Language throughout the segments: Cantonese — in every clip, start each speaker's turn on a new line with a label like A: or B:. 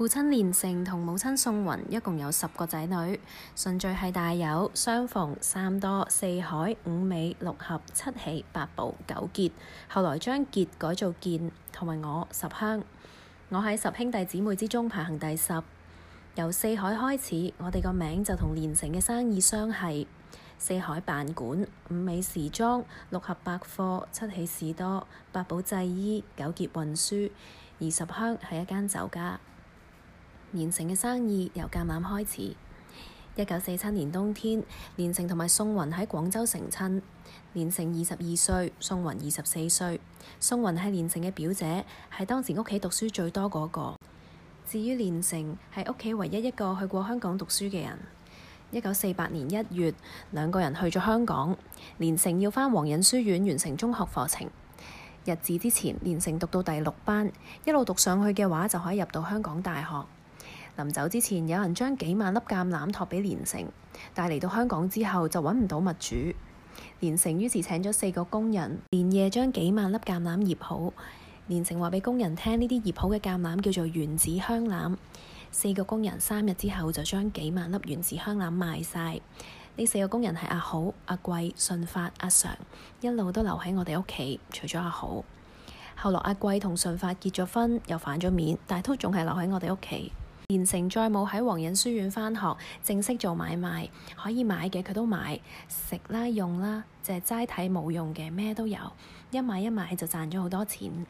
A: 父親連城同母親宋雲一共有十個仔女，順序係大有、相逢、三多、四海、五美、六合、七喜、八寶、九傑。後來將傑改做健，同埋我十香。我喺十兄弟姊妹之中排行第十。由四海開始，我哋個名就同連城嘅生意相係。四海辦館，五美時裝，六合百貨，七喜士多，八寶製衣，九傑運輸，而十香係一間酒家。連城嘅生意由芥藍開始。一九四七年冬天，連城同埋宋雲喺廣州成親。連城二十二歲，宋雲二十四歲。宋雲係連城嘅表姐，係當時屋企讀書最多嗰個。至於連城係屋企唯一一個去過香港讀書嘅人。一九四八年一月，兩個人去咗香港。連城要返皇仁書院完成中學課程。日子之前，連城讀到第六班，一路讀上去嘅話，就可以入到香港大學。臨走之前，有人將幾萬粒橄欖託俾連城。但嚟到香港之後就揾唔到物主。連城於是請咗四個工人，連夜將幾萬粒橄欖醃好。連城話俾工人聽，呢啲醃好嘅橄欖叫做原子香欖。四個工人三日之後就將幾萬粒原子香欖賣晒。呢四個工人係阿好、阿貴、順發、阿常，一路都留喺我哋屋企，除咗阿好。後來阿貴同順發結咗婚，又反咗面，但都仲係留喺我哋屋企。連城再冇喺黃隱書院返學，正式做買賣，可以買嘅佢都買，食啦用啦，淨係齋睇冇用嘅咩都有，一買一買就賺咗好多錢。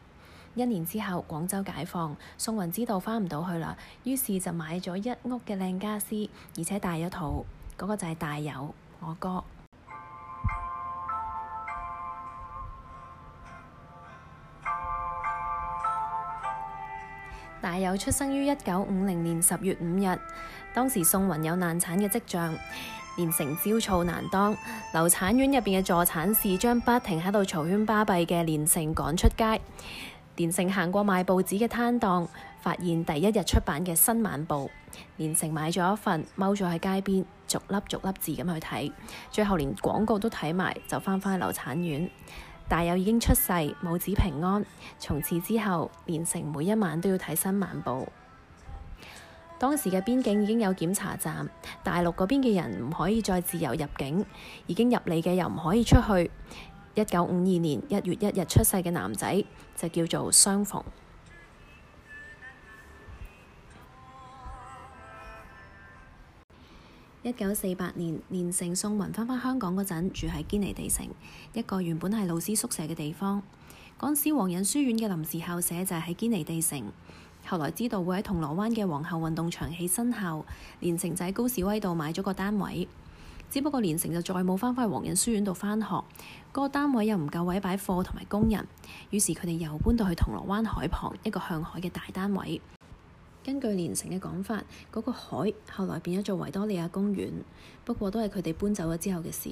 A: 一年之後廣州解放，宋云知道返唔到去啦，於是就買咗一屋嘅靚家私，而且大咗肚，嗰個就係大有我哥。有出生於一九五零年十月五日，當時宋雲有難產嘅跡象，連城焦躁難當，留產院入邊嘅助產士將不停喺度嘈喧巴閉嘅連城趕出街。連城行過賣報紙嘅攤檔，發現第一日出版嘅《新晚報》，連城買咗一份，踎咗喺街邊，逐粒逐粒字咁去睇，最後連廣告都睇埋，就翻返去留產院。大有已經出世，母子平安。從此之後，連城每一晚都要睇新晚報。當時嘅邊境已經有檢查站，大陸嗰邊嘅人唔可以再自由入境，已經入嚟嘅又唔可以出去。一九五二年一月一日出世嘅男仔就叫做相逢。一九四八年，連城宋雲返返香港嗰陣，住喺堅尼地城，一個原本係老師宿舍嘅地方。嗰時皇仁書院嘅臨時校舍就係喺堅尼地城。後來知道會喺銅鑼灣嘅皇后運動場起身後，連城就喺高士威度買咗個單位。只不過連城就再冇返返去皇仁書院度返學，嗰、嗰個單位又唔夠位擺貨同埋工人，於是佢哋又搬到去銅鑼灣海旁一個向海嘅大單位。根據連城嘅講法，嗰個海後來變咗做維多利亞公園，不過都係佢哋搬走咗之後嘅事。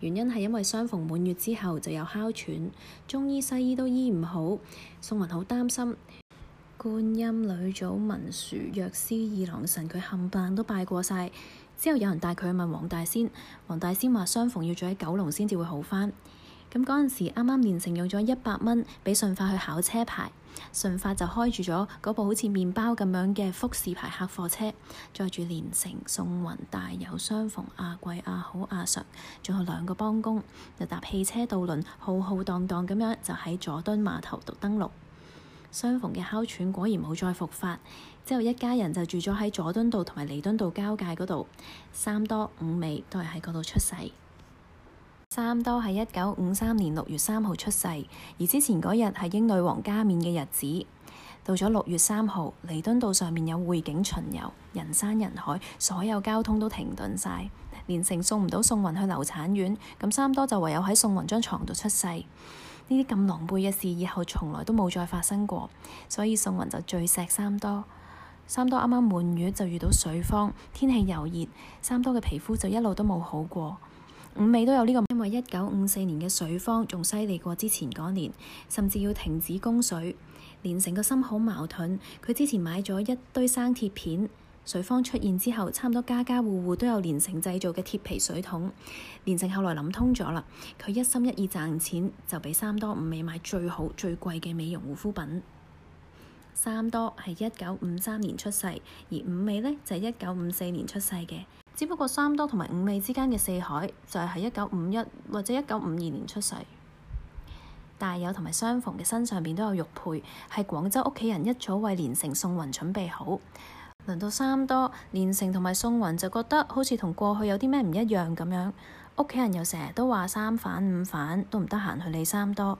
A: 原因係因為相逢滿月之後就有哮喘，中醫西醫都醫唔好，宋雲好擔心。觀音女祖、文殊、藥師、二郎神，佢冚唪唥都拜過晒。之後有人帶佢去問黃大仙，黃大仙話相逢要住喺九龍先至會好返。咁嗰陣時啱啱連城用咗一百蚊俾順發去考車牌。順發就開住咗嗰部好似麵包咁樣嘅福士牌客貨車，載住連城、宋雲、大有、相逢阿、啊、貴、阿、啊、好、阿常，仲有兩個幫工，就搭汽車渡輪，浩浩蕩蕩咁樣就喺佐敦碼頭度登陸。相逢嘅哮喘果然冇再復發，之後一家人就住咗喺佐敦道同埋彌敦道交界嗰度，三多五美都係喺嗰度出世。三多係一九五三年六月三號出世，而之前嗰日係英女王加冕嘅日子。到咗六月三號，彌敦道上面有匯景巡遊，人山人海，所有交通都停頓晒，連城送唔到宋雲去留產院，咁三多就唯有喺宋雲張床度出世。呢啲咁狼狽嘅事以後從來都冇再發生過，所以宋雲就最錫三多。三多啱啱滿月就遇到水荒，天氣又熱，三多嘅皮膚就一路都冇好過。五美都有呢個，因為一九五四年嘅水荒仲犀利過之前嗰年，甚至要停止供水。連城個心好矛盾，佢之前買咗一堆生鐵片，水荒出現之後，差唔多家家戶戶都有連城製造嘅鐵皮水桶。連城後來諗通咗啦，佢一心一意賺錢，就俾三多五美買最好最貴嘅美容護膚品。三多係一九五三年出世，而五美呢，就係一九五四年出世嘅。只不過三多同埋五美之間嘅四海就係喺一九五一或者一九五二年出世，大有同埋相逢嘅身上邊都有玉佩，係廣州屋企人一早為連城宋雲準備好。輪到三多，連城同埋宋雲就覺得好似同過去有啲咩唔一樣咁樣，屋企人又成日都話三反五反，都唔得閒去理三多。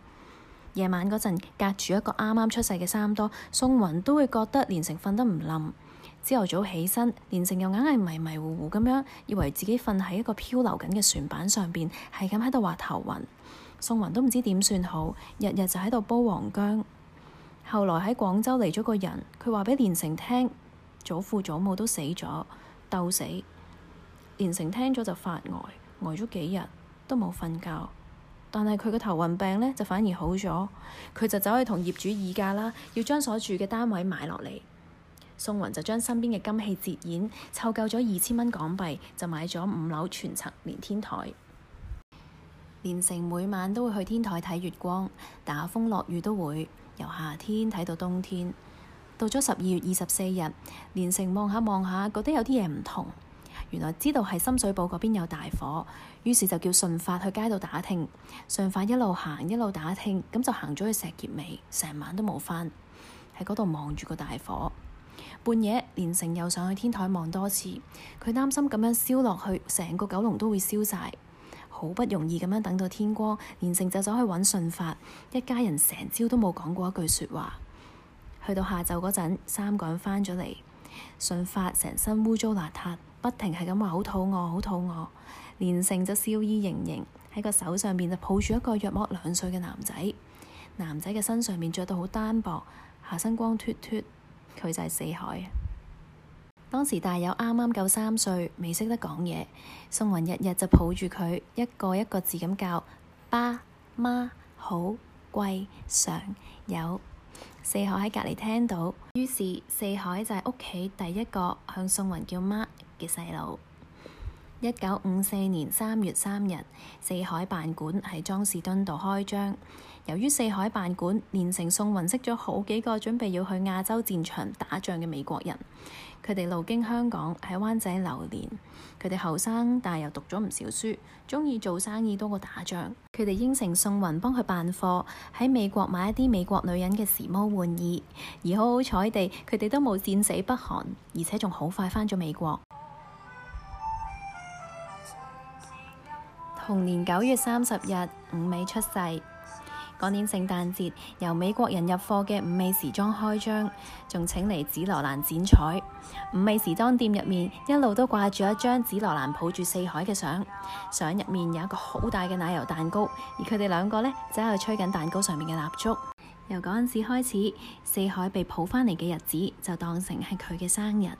A: 夜晚嗰陣隔住一個啱啱出世嘅三多，宋雲都會覺得連城瞓得唔冧。朝頭早起身，連城又硬係迷迷糊糊咁樣，以為自己瞓喺一個漂流緊嘅船板上邊，係咁喺度話頭暈，宋雲都唔知點算好，日日就喺度煲黃薑。後來喺廣州嚟咗個人，佢話俾連城聽，祖父祖母都死咗，鬥死。連城聽咗就發呆，呆咗幾日都冇瞓覺，但係佢嘅頭暈病呢，就反而好咗，佢就走去同業主議價啦，要將所住嘅單位買落嚟。宋雲就將身邊嘅金器折現，湊夠咗二千蚊港幣，就買咗五樓全層連天台。連城每晚都會去天台睇月光，打風落雨都會由夏天睇到冬天。到咗十二月二十四日，連城望下望下，覺得有啲嘢唔同，原來知道係深水埗嗰邊有大火，於是就叫順發去街度打聽。順發一路行一路打聽，咁就行咗去石硤尾，成晚都冇返，喺嗰度望住個大火。半夜，連城又上去天台望多次，佢擔心咁樣燒落去，成個九龍都會燒晒。好不容易咁樣等到天光，連城就走去揾順發，一家人成朝都冇講過一句説話。去到下晝嗰陣，三個人返咗嚟，順發成身污糟邋遢，不停係咁話好肚餓，好肚餓。連城就笑意盈盈喺個手上邊就抱住一個約莫兩歲嘅男仔，男仔嘅身上面着到好單薄，下身光脱脱。佢就係四海。當時大有啱啱夠三歲，未識得講嘢，宋雲日日就抱住佢，一個一個字咁教，爸、媽、好、貴、常、有。四海喺隔離聽到，於是四海就係屋企第一個向宋雲叫媽嘅細佬。一九五四年三月三日，四海辦館喺莊士敦道開張。由於四海辦館連城宋雲識咗好幾個準備要去亞洲戰場打仗嘅美國人，佢哋路經香港喺灣仔流連。佢哋後生但係又讀咗唔少書，中意做生意多過打仗。佢哋應承宋雲幫佢辦貨喺美國買一啲美國女人嘅時髦玩意，而好好彩地佢哋都冇戰死北韓，而且仲好快返咗美國。同年九月三十日，五美出世。嗰年聖誕節，由美國人入貨嘅五美時裝開張，仲請嚟紫羅蘭剪彩。五美時裝店入面，一路都掛住一張紫羅蘭抱住四海嘅相，相入面有一個好大嘅奶油蛋糕，而佢哋兩個呢，就喺度吹緊蛋糕上面嘅蠟燭。由嗰陣時開始，四海被抱返嚟嘅日子，就當成係佢嘅生日。